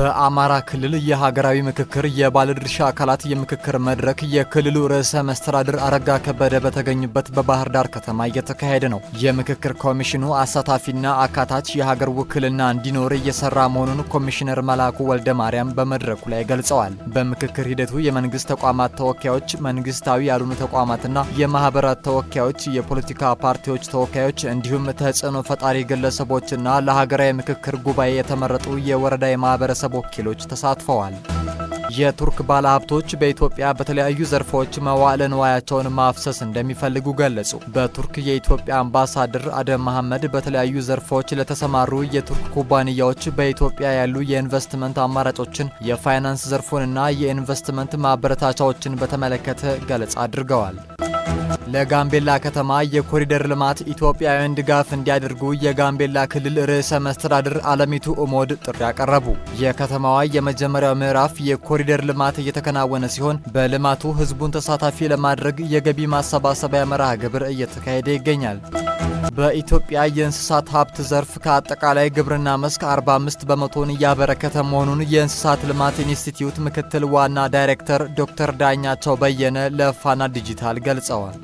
በአማራ ክልል የሀገራዊ ምክክር የባለድርሻ አካላት የምክክር መድረክ የክልሉ ርዕሰ መስተዳድር አረጋ ከበደ በተገኙበት በባህር ዳር ከተማ እየተካሄደ ነው። የምክክር ኮሚሽኑ አሳታፊና አካታች የሀገር ውክልና እንዲኖር እየሰራ መሆኑን ኮሚሽነር መላኩ ወልደ ማርያም በመድረኩ ላይ ገልጸዋል። በምክክር ሂደቱ የመንግስት ተቋማት ተወካዮች፣ መንግስታዊ ያልሆኑ ተቋማትና የማህበራት ተወካዮች፣ የፖለቲካ ፓርቲዎች ተወካዮች እንዲሁም ተጽዕኖ ፈጣሪ ግለሰቦችና ለሀገራዊ ምክክር ጉባኤ የተመረጡ የወረዳ የማህበረሰብ የግለሰብ ወኪሎች ተሳትፈዋል። የቱርክ ባለሀብቶች በኢትዮጵያ በተለያዩ ዘርፎች መዋዕለ ንዋያቸውን ማፍሰስ እንደሚፈልጉ ገለጹ። በቱርክ የኢትዮጵያ አምባሳደር አደም መሐመድ በተለያዩ ዘርፎች ለተሰማሩ የቱርክ ኩባንያዎች በኢትዮጵያ ያሉ የኢንቨስትመንት አማራጮችን፣ የፋይናንስ ዘርፉንና የኢንቨስትመንት ማበረታቻዎችን በተመለከተ ገለጻ አድርገዋል። ለጋምቤላ ከተማ የኮሪደር ልማት ኢትዮጵያውያን ድጋፍ እንዲያደርጉ የጋምቤላ ክልል ርዕሰ መስተዳድር አለሚቱ ኦሞድ ጥሪ አቀረቡ። የከተማዋ የመጀመሪያው ምዕራፍ የኮሪደር ልማት እየተከናወነ ሲሆን በልማቱ ሕዝቡን ተሳታፊ ለማድረግ የገቢ ማሰባሰቢያ መርሃ ግብር እየተካሄደ ይገኛል። በኢትዮጵያ የእንስሳት ሀብት ዘርፍ ከአጠቃላይ ግብርና መስክ 45 በመቶን እያበረከተ መሆኑን የእንስሳት ልማት ኢንስቲትዩት ምክትል ዋና ዳይሬክተር ዶክተር ዳኛቸው በየነ ለፋና ዲጂታል ገልጸዋል።